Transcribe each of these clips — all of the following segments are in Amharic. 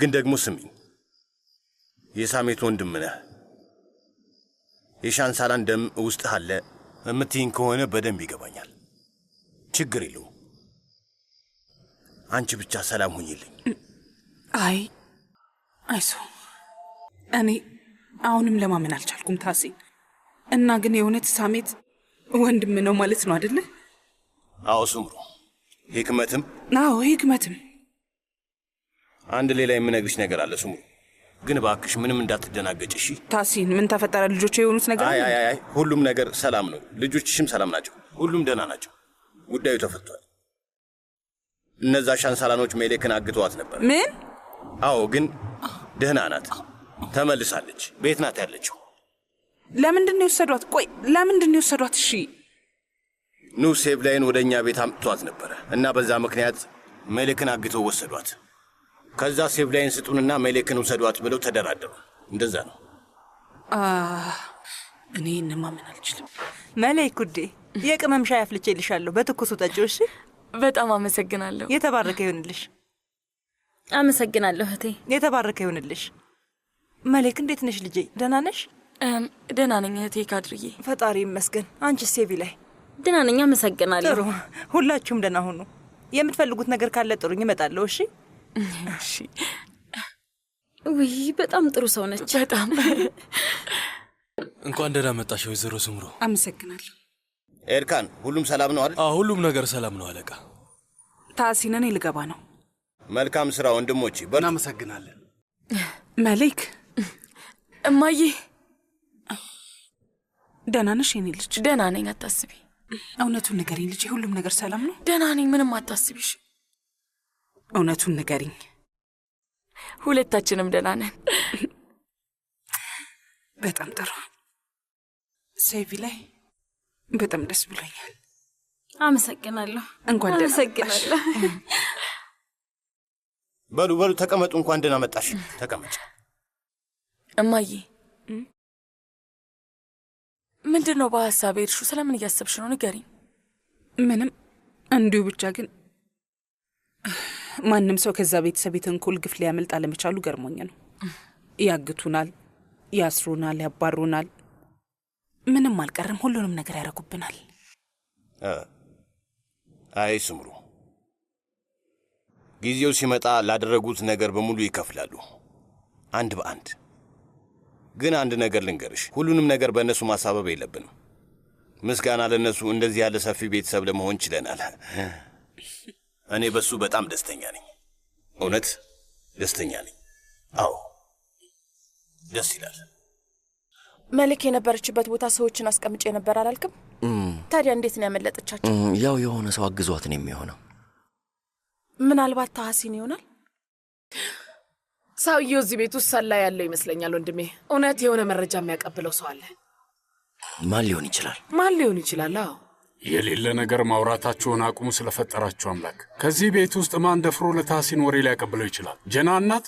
ግን ደግሞ ስሚኝ፣ የሳሜት ወንድም ነህ። የሻንሳላን ደም ውስጥህ አለ የምትይኝ ከሆነ በደንብ ይገባኛል። ችግር የለው አንቺ ብቻ ሰላም ሁኝልኝ። አይ አይሶ እኔ አሁንም ለማመን አልቻልኩም ታሴ። እና ግን የእውነት ሳሜት ወንድም ነው ማለት ነው አደለ? አዎ ስምሩ፣ ህክመትም። አዎ ህክመትም አንድ ሌላ የምነግርሽ ነገር አለ። ስሙ ግን እባክሽ ምንም እንዳትደናገጭ እሺ። ታሲን፣ ምን ተፈጠረ? ልጆች የሆኑት ነገር? አይ አይ፣ ሁሉም ነገር ሰላም ነው። ልጆችሽም ሰላም ናቸው። ሁሉም ደህና ናቸው። ጉዳዩ ተፈቷል። እነዛ ሻንሳላኖች ሜሌክን አግተዋት ነበር። ምን? አዎ፣ ግን ደህና ናት፣ ተመልሳለች። ቤት ናት ያለችው። ለምንድን ነው የወሰዷት? ቆይ ለምንድን ነው የወሰዷት? እሺ ኑ ሴብ ላይን ወደ እኛ ቤት አምጥቷት ነበረ እና በዛ ምክንያት ሜሌክን አግተው ወሰዷት። ከዛ ሴብላይን ስጡንና መሌክን ውሰዷት ብለው ተደራደሩ። እንደዛ ነው። እኔ እንማመን አልችልም። መሌክ ውዴ፣ የቅመም ሻይ አፍልቼልሻለሁ፣ በትኩሱ ጠጪው። እሺ። በጣም አመሰግናለሁ። የተባረከ ይሆንልሽ። አመሰግናለሁ እህቴ። የተባረከ ይሆንልሽ። መሌክ፣ እንዴት ነሽ ልጄ? ደህና ነሽ? ደህና ነኝ እህቴ ካድርዬ፣ ፈጣሪ ይመስገን። አንቺ ሴቪ ላይ ደህና ነኝ። አመሰግናለሁ። ጥሩ፣ ሁላችሁም ደህና ሁኑ። የምትፈልጉት ነገር ካለ ጥሩኝ፣ እመጣለሁ። እሺ እሺ። ውይ በጣም ጥሩ ሰው ነች። በጣም እንኳን ደህና መጣሽ ወይዘሮ ስምሮ። አመሰግናለሁ። ኤርካን፣ ሁሉም ሰላም ነው አይደል? ሁሉም ነገር ሰላም ነው አለቃ። ታሲን፣ እኔ ልገባ ነው። መልካም ስራ ወንድሞቼ። እናመሰግናለን። መሌክ፣ እማዬ ደህና ነሽ? የኔ ልጅ ደህና ነኝ፣ አታስቢ። እውነቱን ንገሪኝ ልጄ፣ ሁሉም ነገር ሰላም ነው? ደህና ነኝ፣ ምንም አታስቢሽ። እውነቱን ንገሪኝ። ሁለታችንም ደህና ነን። በጣም ጥሩ። ሴቪ ላይ በጣም ደስ ብሎኛል። አመሰግናለሁ። እንኳን ደህና በሉ በሉ ተቀመጡ። እንኳን ደህና መጣሽ። ተቀመጭ እማዬ። ምንድን ነው በሀሳብ ሄድሹ? ስለምን እያሰብሽ ነው? ንገሪኝ። ምንም እንዲሁ ብቻ ግን ማንም ሰው ከዛ ቤተሰብ የተንኮል ግፍ ሊያመልጥ አለመቻሉ ገርሞኝ ነው። ያግቱናል፣ ያስሩናል፣ ያባሩናል፣ ምንም አልቀርም፣ ሁሉንም ነገር ያደርጉብናል። አይ ስምሩ፣ ጊዜው ሲመጣ ላደረጉት ነገር በሙሉ ይከፍላሉ፣ አንድ በአንድ። ግን አንድ ነገር ልንገርሽ፣ ሁሉንም ነገር በእነሱ ማሳበብ የለብንም። ምስጋና ለእነሱ እንደዚህ ያለ ሰፊ ቤተሰብ ለመሆን ችለናል። እኔ በሱ በጣም ደስተኛ ነኝ። እውነት ደስተኛ ነኝ። አዎ ደስ ይላል። መልክ የነበረችበት ቦታ ሰዎችን አስቀምጬ ነበር አላልክም? ታዲያ እንዴት ነው ያመለጠቻቸው? ያው የሆነ ሰው አግዟት ነው የሚሆነው። ምናልባት ታሐሲን ይሆናል። ሰውየው እዚህ ቤት ውስጥ ሰላ ያለው ይመስለኛል። ወንድሜ እውነት የሆነ መረጃ የሚያቀብለው ሰው አለ። ማን ሊሆን ይችላል? ማን ሊሆን ይችላል? አዎ የሌለ ነገር ማውራታችሁን አቁሙ። ስለፈጠራችሁ አምላክ ከዚህ ቤት ውስጥ ማን ደፍሮ ለታሲን ወሬ ሊያቀብለው ይችላል? ጀና እናት፣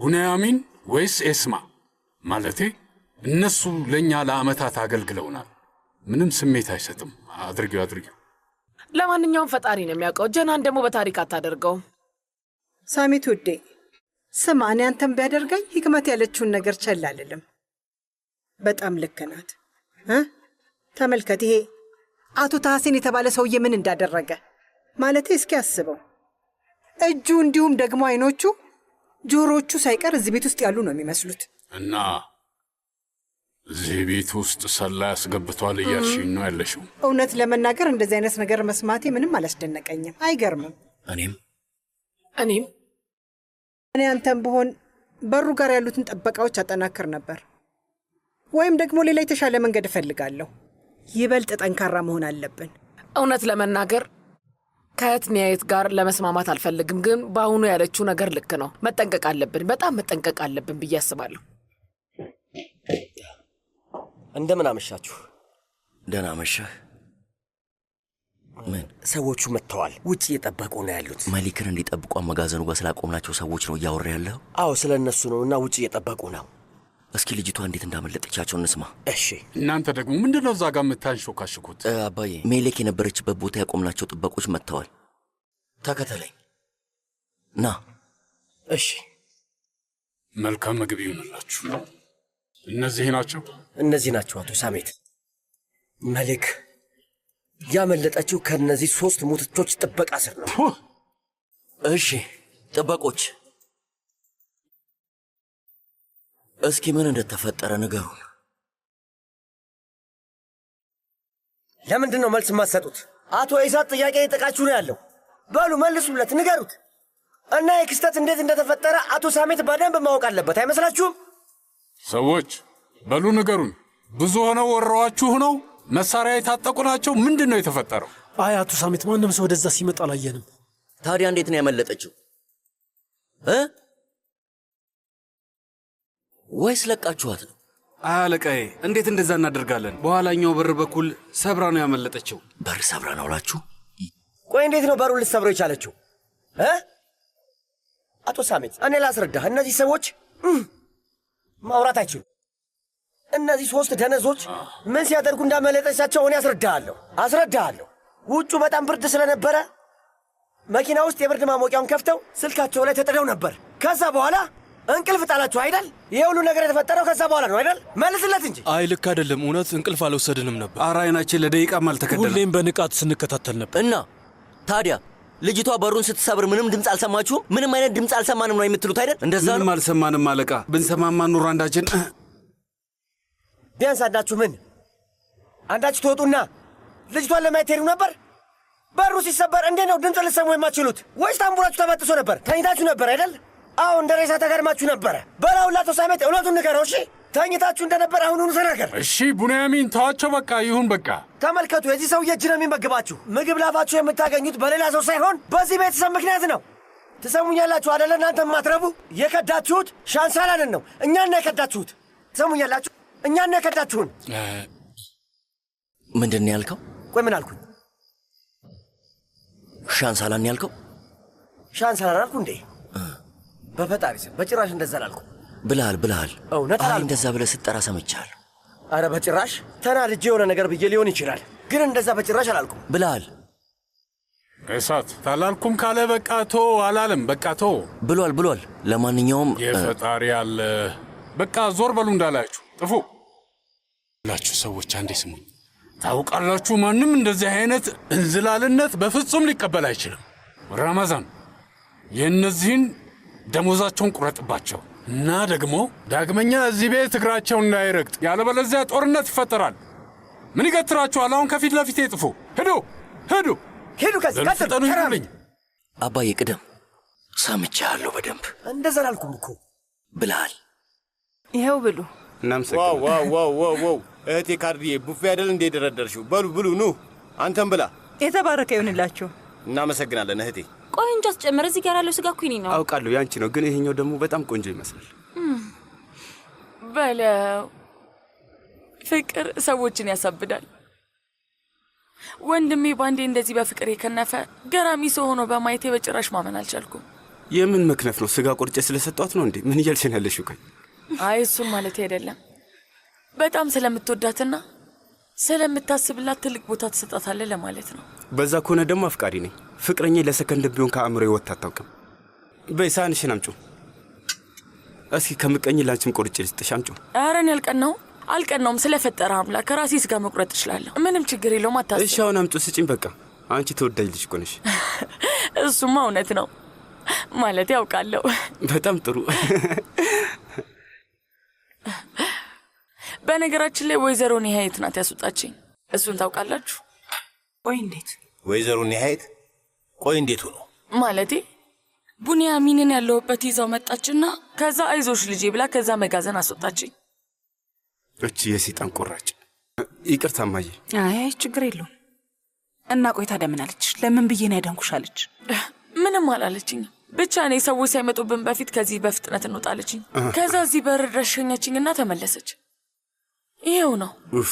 ቡንያሚን ወይስ ኤስማ? ማለቴ እነሱ ለእኛ ለዓመታት አገልግለውናል። ምንም ስሜት አይሰጥም። አድርጊው አድርጊው። ለማንኛውም ፈጣሪ ነው የሚያውቀው። ጀናን ደግሞ በታሪክ አታደርገውም። ሳሚት ውዴ ስማ፣ እኔ አንተም ቢያደርገኝ ህክመት ያለችውን ነገር ቸል አልልም። በጣም ልክ ናት። ተመልከት ይሄ አቶ ታሐሴን የተባለ ሰውዬ ምን እንዳደረገ ማለት እስኪ አስበው። እጁ እንዲሁም ደግሞ አይኖቹ፣ ጆሮቹ ሳይቀር እዚህ ቤት ውስጥ ያሉ ነው የሚመስሉት። እና እዚህ ቤት ውስጥ ሰላ ያስገብቷል እያልሽኝ ነው ያለሽው? እውነት ለመናገር እንደዚህ አይነት ነገር መስማቴ ምንም አላስደነቀኝም። አይገርምም። እኔም እኔም እኔ አንተም ብሆን በሩ ጋር ያሉትን ጥበቃዎች አጠናክር ነበር፣ ወይም ደግሞ ሌላ የተሻለ መንገድ እፈልጋለሁ። ይበልጥ ጠንካራ መሆን አለብን። እውነት ለመናገር ከእህት ኒያየት ጋር ለመስማማት አልፈልግም፣ ግን በአሁኑ ያለችው ነገር ልክ ነው። መጠንቀቅ አለብን፣ በጣም መጠንቀቅ አለብን ብዬ አስባለሁ። እንደምን አመሻችሁ። ደህና መሻህ። ምን ሰዎቹ መጥተዋል። ውጭ እየጠበቁ ነው ያሉት። መሊክን እንዲጠብቁ መጋዘኑ ጋር ስላቆምናቸው ሰዎች ነው እያወራ ያለው። አዎ ስለ እነሱ ነው እና ውጭ እየጠበቁ ነው እስኪ ልጅቷ እንዴት እንዳመለጠቻቸው እንስማ። እሺ፣ እናንተ ደግሞ ምንድነው እዛ ጋር የምታንሾካሽኩት? አባዬ፣ ሜሌክ የነበረችበት ቦታ ያቆምናቸው ጥበቆች መጥተዋል። ተከተለኝ ና። እሺ፣ መልካም ምግብ ይሆንላችሁ። እነዚህ ናቸው፣ እነዚህ ናቸው። አቶ ሳሜት፣ መሌክ ያመለጠችው ከእነዚህ ሶስት ሙትቶች ጥበቃ ስር ነው። እሺ፣ ጥበቆች እስኪ ምን እንደተፈጠረ ንገሩ ለምንድን ነው መልስ የማትሰጡት? አቶ ኢሳት ጥያቄ ይጠቃችሁ ነው ያለው። በሉ መልሱለት፣ ንገሩት እና የክስተት እንዴት እንደተፈጠረ አቶ ሳሜት በደንብ ማወቅ አለበት አይመስላችሁም? ሰዎች በሉ ንገሩን። ብዙ ሆነው ወረዋችሁ ነው? መሳሪያ የታጠቁ ናቸው? ምንድን ነው የተፈጠረው? አይ አቶ ሳሜት፣ ማንም ሰው ወደዛ ሲመጣ አላየንም። ታዲያ እንዴት ነው ያመለጠችው እ ወይስ ለቃችኋት ነው? አይ አለቃዬ፣ እንዴት እንደዛ እናደርጋለን? በኋላኛው በር በኩል ሰብራ ነው ያመለጠችው። በር ሰብራ ነው ላችሁ? ቆይ እንዴት ነው በሩን ልትሰብረው የቻለችው? አቶ ሳሜት፣ እኔ ላስረዳህ። እነዚህ ሰዎች ማውራት አይችሉ። እነዚህ ሶስት ደነዞች ምን ሲያደርጉ እንዳመለጠቻቸው እኔ አስረዳሃለሁ አስረዳሃለሁ። ውጩ በጣም ብርድ ስለነበረ መኪና ውስጥ የብርድ ማሞቂያውን ከፍተው ስልካቸው ላይ ተጥደው ነበር። ከዛ በኋላ እንቅልፍ ጣላችሁ አይደል? ይህ ሁሉ ነገር የተፈጠረው ከዛ በኋላ ነው አይደል? መልስለት እንጂ። አይ ልክ አይደለም። እውነት እንቅልፍ አልወሰድንም ነበር። ኧረ አይናችን ለደቂቃም አልተከደለም። ሁሌም በንቃት ስንከታተል ነበር። እና ታዲያ ልጅቷ በሩን ስትሰብር ምንም ድምፅ አልሰማችሁም? ምንም አይነት ድምፅ አልሰማንም ነው የምትሉት አይደል? እንደዛ ምንም አልሰማንም አለቃ። ብንሰማማ ኑሮ አንዳችን ቢያንስ አንዳችሁ ምን አንዳችሁ ትወጡና ልጅቷን ለማየት ሄዱ ነበር። በሩ ሲሰበር እንዴት ነው ድምፅ ልሰሙ የማትችሉት? ወይስ ታምቡራችሁ ተበጥሶ ነበር? ተኝታችሁ ነበር አይደል? አዎ እንደ ሬሳ ተጋድማችሁ ነበረ። በላውላ ተሳሜት እውነቱን ንገረው። እሺ ተኝታችሁ እንደነበር አሁኑኑ ተናገር። እሺ ቡንያሚን ተዋቸው። በቃ ይሁን በቃ። ተመልከቱ፣ የዚህ ሰውዬ እጅ ነው የሚመግባችሁ። ምግብ ላፋችሁ የምታገኙት በሌላ ሰው ሳይሆን በዚህ ቤተሰብ ምክንያት ነው። ትሰሙኛላችሁ አደለ? እናንተ ማትረቡ የከዳችሁት ሻንሳላንን ነው። እኛን የከዳችሁት። ትሰሙኛላችሁ? እኛን የከዳችሁን። ምንድን ነው ያልከው? ቆይ ምን አልኩኝ? ሻንሳላን ያልከው? ሻንሳላን አልኩ እንዴ? በፈጣሪ ስም በጭራሽ እንደዛ ላልኩ። ብልሃል ብልሃል፣ እውነት አይ እንደዛ ብለህ ስትጠራ ሰምቻለሁ። አረ በጭራሽ ተናድጄ የሆነ ነገር ብዬ ሊሆን ይችላል፣ ግን እንደዛ በጭራሽ አላልኩም። ብልሃል እሳት ታላልኩም ካለ በቃ ቶ አላለም። በቃ ቶ ብሏል ብሏል። ለማንኛውም የፈጣሪ አለ በቃ ዞር በሉ እንዳላችሁ ጥፉ ላችሁ ሰዎች አንዴ ስሙ፣ ታውቃላችሁ ማንም እንደዚህ አይነት እንዝላልነት በፍጹም ሊቀበል አይችልም። ራማዛን የእነዚህን ደሞዛቸውን ቁረጥባቸው እና ደግሞ ዳግመኛ እዚህ ቤት እግራቸውን እንዳይረግጥ፣ ያለበለዚያ ጦርነት ይፈጠራል። ምን ይገትራችኋል? አሁን ከፊት ለፊት የጥፉ። ሂዱ፣ ሂዱ፣ ሂዱ፣ ከዚህ ሂዱልኝ። አባዬ ቅደም። ሰምቻለሁ በደንብ እንደዛ አላልኩም እኮ ብለሃል። ይኸው ብሉ። እናመሰግናለን። እህቴ ካድሬ ቡፌ አይደል እንዴ ደረደርሽው? በሉ ብሉ፣ ኑ። አንተም ብላ። የተባረከ ይሆንላችሁ። እናመሰግናለን እህቴ። ቆንጆ አስጨመረ። እዚህ ጋር ያለው ስጋ እኮ የእኔ ነው። አውቃለሁ ያንቺ ነው፣ ግን ይሄኛው ደግሞ በጣም ቆንጆ ይመስላል። በለው ፍቅር ሰዎችን ያሳብዳል። ወንድሜ ባንዴ እንደዚህ በፍቅር የከነፈ ገራሚ ሰው ሆኖ በማየቴ በጭራሽ ማመን አልቻልኩም። የምን መክነፍ ነው? ስጋ ቆርጬ ስለሰጧት ነው እንዴ? ምን እያልሽ ያለሽ? ቀኝ አይ እሱም ማለት አይደለም። በጣም ስለምትወዳትና ስለምታስብላት ትልቅ ቦታ ትሰጣታለህ ለማለት ነው። በዛ ከሆነ ደግሞ አፍቃሪ ነኝ። ፍቅረኛ ለሰከንድ ቢሆን ከአእምሮ ይወት አታውቅም። በይ ሳህንሽን አምጪው እስኪ ከምቀኝ ላንቺም ቆርጬ ልስጥሽ። አምጪው። ኧረ እኔ አልቀናውም አልቀናውም። ስለፈጠረ አምላክ ራሴ ስጋ መቁረጥ እችላለሁ። ምንም ችግር የለውም። አታ እሺ፣ አሁን አምጩ ስጪኝ። በቃ አንቺ ተወዳጅ ልጅ እኮ ነሽ። እሱማ እውነት ነው ማለት ያውቃለሁ። በጣም ጥሩ። በነገራችን ላይ ወይዘሮ ኒሀየት ናት ያስወጣችኝ። እሱን ታውቃላችሁ ወይ? እንዴት ወይዘሮ ኒሀየት ቆይ እንዴት ሆኖ ማለቴ? ቡንያሚንን ያለሁበት ይዛው መጣችና ከዛ አይዞሽ ልጄ ብላ ከዛ መጋዘን አስወጣችኝ። እቺ የሴጣን ቁራጭ። ይቅርታ ማየ አይ ችግር የለውም። እና ቆይ ታዲያ ምን አለች? ለምን ብዬን ያደንኩሻለች? ምንም አላለችኝ ብቻ እኔ ሰዎች ሳይመጡብን በፊት ከዚህ በፍጥነት እንወጣለችኝ ከዛ እዚህ በር ድረስ እና ተመለሰች። ይኸው ነው። ኡፍ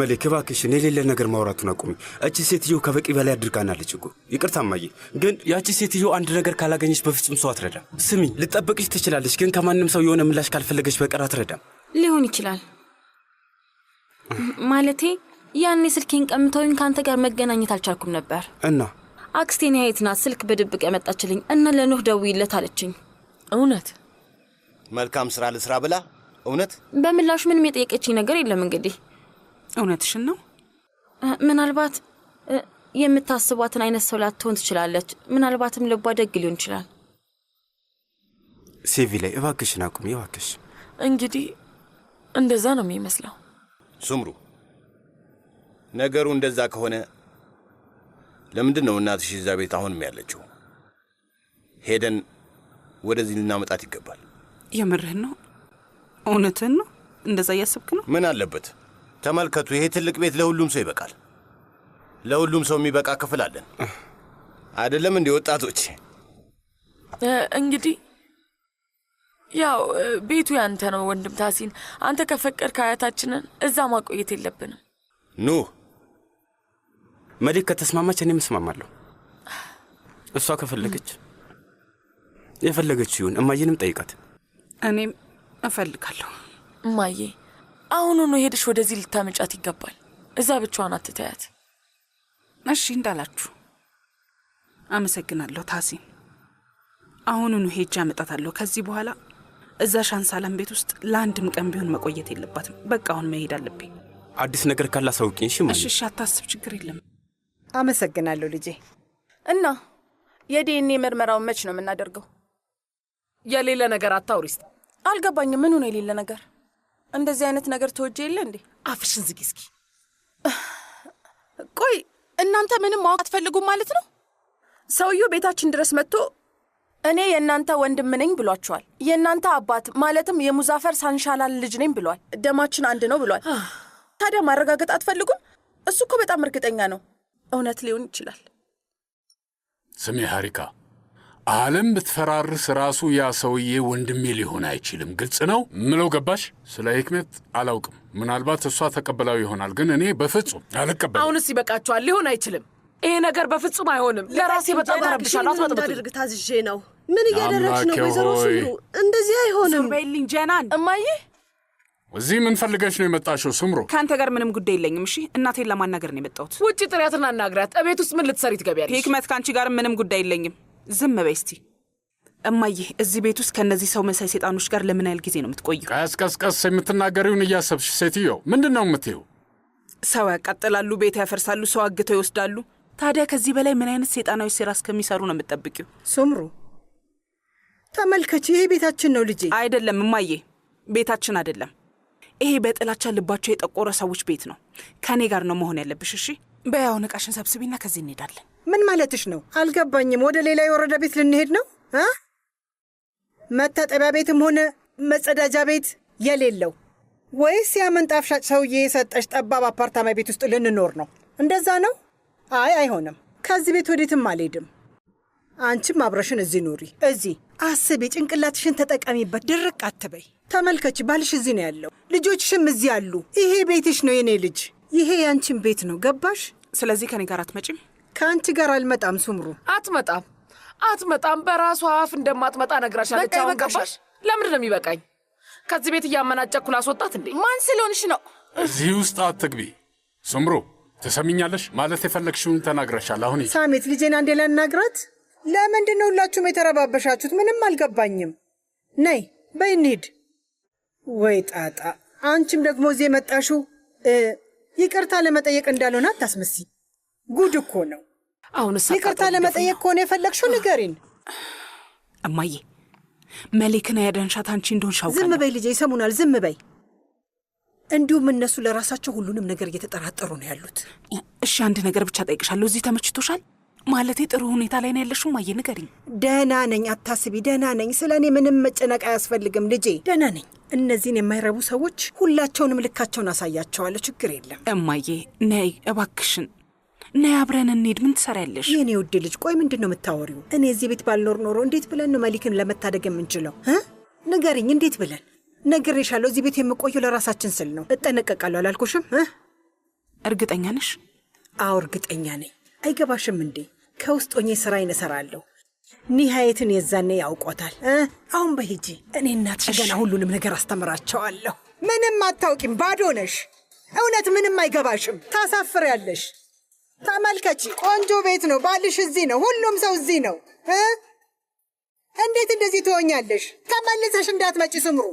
መሌክ እባክሽን የሌለ ነገር ማውራቱን አቁሚ። እቺ ሴትዮ ከበቂ በላይ አድርጋናለች እኮ። ይቅርታ ማየ፣ ግን ያቺ ሴትዮ አንድ ነገር ካላገኘች በፍጹም ሰው አትረዳም። ስሚ፣ ልጠብቅሽ ትችላለች፣ ግን ከማንም ሰው የሆነ ምላሽ ካልፈለገች በቀር አትረዳም። ሊሆን ይችላል ማለቴ ያኔ ስልኬን ቀምተውኝ ከአንተ ጋር መገናኘት አልቻልኩም ነበር እና አክስቴን ያየት ናት ስልክ በድብቅ ያመጣችልኝ እና ለኖህ ደውይለት አለችኝ። እውነት መልካም ስራ ልስራ ብላ እውነት? በምላሹ ምንም የጠየቀችኝ ነገር የለም። እንግዲህ እውነትሽን ነው። ምናልባት የምታስቧትን አይነት ሰው ላትሆን ትችላለች። ምናልባትም ልቧ ደግ ሊሆን ይችላል። ሴቪ ላይ እባክሽን አቁሚ፣ እባክሽ። እንግዲህ እንደዛ ነው የሚመስለው። ሱምሩ፣ ነገሩ እንደዛ ከሆነ ለምንድን ነው እናትሽ እዛ ቤት አሁንም ያለችው? ሄደን ወደዚህ ልናመጣት ይገባል። የምርህን ነው? እውነትን ነው? እንደዛ እያሰብክ ነው? ምን አለበት? ተመልከቱ፣ ይሄ ትልቅ ቤት ለሁሉም ሰው ይበቃል። ለሁሉም ሰው የሚበቃ ክፍል አለን። አይደለም እንዲህ ወጣቶች? እንግዲህ ያው ቤቱ ያንተ ነው ወንድም ታሲን። አንተ ከፈቀድ አያታችንን እዛ ማቆየት የለብንም። ኑ መሊክ ከተስማማች እኔም መስማማለሁ እሷ ከፈለገች የፈለገች ይሁን። እማየንም ጠይቃት። እኔም እፈልጋለሁ። እማዬ አሁኑኑ ሄደሽ ወደዚህ ልታመጫት ይገባል። እዛ ብቻዋን አትተያት። እሺ እንዳላችሁ። አመሰግናለሁ ታሲን። አሁኑኑ ሄጄ አመጣታለሁ። ከዚህ በኋላ እዛ ሻንሳላም ቤት ውስጥ ለአንድም ቀን ቢሆን መቆየት የለባትም። በቃ አሁን መሄድ አለብኝ። አዲስ ነገር ካለ አሳውቂኝ። እሺ እሺ፣ አታስብ፣ ችግር የለም። አመሰግናለሁ ልጄ። እና የዲኤንኤ ምርመራውን መች ነው የምናደርገው? የሌለ ነገር አታውሪስት አልገባኝም። ምን ሆነ የሌለ ነገር? እንደዚህ አይነት ነገር ተወጀ የለ እንዴ? አፍሽን ዝጊ እስኪ። ቆይ እናንተ ምንም ማወቅ አትፈልጉም ማለት ነው? ሰውየው ቤታችን ድረስ መጥቶ እኔ የእናንተ ወንድም ነኝ ብሏችኋል። የእናንተ አባት ማለትም የሙዛፈር ሳንሻላል ልጅ ነኝ ብሏል። ደማችን አንድ ነው ብሏል። ታዲያ ማረጋገጥ አትፈልጉም? እሱ እኮ በጣም እርግጠኛ ነው። እውነት ሊሆን ይችላል። ስሜ ሀሪካ ዓለም ብትፈራርስ ራሱ ያ ሰውዬ ወንድሜ ሊሆን አይችልም። ግልጽ ነው ምለው ገባሽ? ስለ ህክመት አላውቅም። ምናልባት እሷ ተቀበላዊ ይሆናል፣ ግን እኔ በፍጹም አልቀበል። አሁንስ ይበቃችኋል። ሊሆን አይችልም። ይሄ ነገር በፍጹም አይሆንም። ለራሴ በጣም ተረብሻለሁ። አትመጣድርግ ታዝዤ ነው። ምን እያደረግሽ ነው ወይዘሮ ስምሩ? እንደዚህ አይሆንም። ሱርቤልኝ ጀናን እማዬ እዚህ ምን ፈልገሽ ነው የመጣሽው? ስምሮ ከአንተ ጋር ምንም ጉዳይ የለኝም። እሺ እናቴን ለማናገር ነው የመጣሁት። ውጭ ጥሪያትን አናግራት። እቤት ውስጥ ምን ልትሰሪ ትገቢያለሽ? ህክመት ከአንቺ ጋር ምንም ጉዳይ የለኝም። ዝም በይ እስቲ እማዬ። እዚህ ቤት ውስጥ ከእነዚህ ሰው መሳይ ሴጣኖች ጋር ለምን ያህል ጊዜ ነው የምትቆዩ? ቀስቀስቀስ የምትናገሪውን እያሰብሽ ሴትዮ፣ ምንድን ነው የምትይው? ሰው ያቃጥላሉ፣ ቤት ያፈርሳሉ፣ ሰው አግተው ይወስዳሉ። ታዲያ ከዚህ በላይ ምን አይነት ሴጣናዊ ሴራ እስከሚሰሩ ነው የምትጠብቂው? ሱምሩ ተመልከች፣ ይሄ ቤታችን ነው ልጄ። አይደለም እማዬ፣ ቤታችን አይደለም። ይሄ በጥላቻ ልባቸው የጠቆረ ሰዎች ቤት ነው። ከእኔ ጋር ነው መሆን ያለብሽ እሺ በያው ንቃሽን ሰብስቢና ከዚህ እንሄዳለን። ምን ማለትሽ ነው? አልገባኝም። ወደ ሌላ የወረዳ ቤት ልንሄድ ነው? መታጠቢያ ቤትም ሆነ መጸዳጃ ቤት የሌለው ወይስ ያ ሰውዬ የሰጠሽ ጠባብ አፓርታማ ቤት ውስጥ ልንኖር ነው? እንደዛ ነው? አይ አይሆንም። ከዚህ ቤት ወዴትም አልሄድም። አንቺም አብረሽን እዚህ ኑሪ። እዚህ አስቢ፣ ጭንቅላትሽን ተጠቀሚበት። ድርቅ አትበይ። ተመልከች፣ ባልሽ እዚህ ነው ያለው፣ ልጆችሽም እዚህ አሉ። ይሄ ቤትሽ ነው የኔ ልጅ። ይሄ ያንቺን ቤት ነው። ገባሽ? ስለዚህ ከኔ ጋር አትመጪም? ከአንቺ ጋር አልመጣም። ስምሩ አትመጣም፣ አትመጣም። በራሷ አፍ እንደማትመጣ ነግራሻለች። አሁን ገባሽ? ለምንድን ነው የሚበቃኝ? ከዚህ ቤት እያመናጨኩ ላስወጣት እንዴ? ማን ስለሆንሽ ነው? እዚህ ውስጥ አትግቢ ስምሩ። ትሰሚኛለሽ? ማለት የፈለግሽውን ተናግረሻል። አሁን ሳሜት ልጄን አንዴ ላናግራት። ለምንድን ነው ሁላችሁም የተረባበሻችሁት? ምንም አልገባኝም። ነይ በይ እንሂድ። ወይ ጣጣ! አንቺም ደግሞ እዚህ የመጣሽው ይቅርታ ለመጠየቅ እንዳልሆነ አታስመስይ። ጉድ እኮ ነው። አሁን ይቅርታ ለመጠየቅ ከሆነ የፈለግሽው ንገሪን። እማዬ መሌክን ያደንሻት አንቺ እንደሆንሽ አውቃለሁ። ዝም በይ ልጄ፣ ይሰሙናል። ዝም በይ። እንዲሁም እነሱ ለራሳቸው ሁሉንም ነገር እየተጠራጠሩ ነው ያሉት። እሺ አንድ ነገር ብቻ ጠይቅሻለሁ። እዚህ ተመችቶሻል? ማለቴ ጥሩ ሁኔታ ላይ ነው ያለሽው? እማዬ ንገሪኝ። ደህና ነኝ፣ አታስቢ፣ ደህና ነኝ። ስለ እኔ ምንም መጨነቅ አያስፈልግም ልጄ፣ ደህና ነኝ። እነዚህን የማይረቡ ሰዎች ሁላቸውንም ልካቸውን አሳያቸዋለሁ። ችግር የለም። እማዬ ነይ እባክሽን፣ ነይ አብረን እንሄድ። ምን ትሰሪያለሽ? የኔ ውድ ልጅ፣ ቆይ ምንድን ነው የምታወሪው? እኔ እዚህ ቤት ባልኖር ኖሮ እንዴት ብለን ነው መሊክን ለመታደግ የምንችለው? ንገሪኝ፣ እንዴት ብለን? ነግሬሻለሁ፣ እዚህ ቤት የምቆየው ለራሳችን ስል ነው። እጠነቀቃለሁ አላልኩሽም? እርግጠኛ ነሽ? አዎ እርግጠኛ ነኝ። አይገባሽም እንዴ? ከውስጥ ሆኜ ስራዬን እሰራለሁ። ኒሃየትን የዛኔ ያውቆታል። አሁን በሂጂ እኔ እናትሽ ገና ሁሉንም ነገር አስተምራቸዋለሁ። ምንም አታውቂም፣ ባዶ ነሽ። እውነት ምንም አይገባሽም፣ ታሳፍሪያለሽ። ተመልከች ቆንጆ ቤት ነው፣ ባልሽ እዚህ ነው፣ ሁሉም ሰው እዚህ ነው። እንዴት እንደዚህ ትሆኛለሽ? ተመልሰሽ እንዳትመጪ ስምሩ።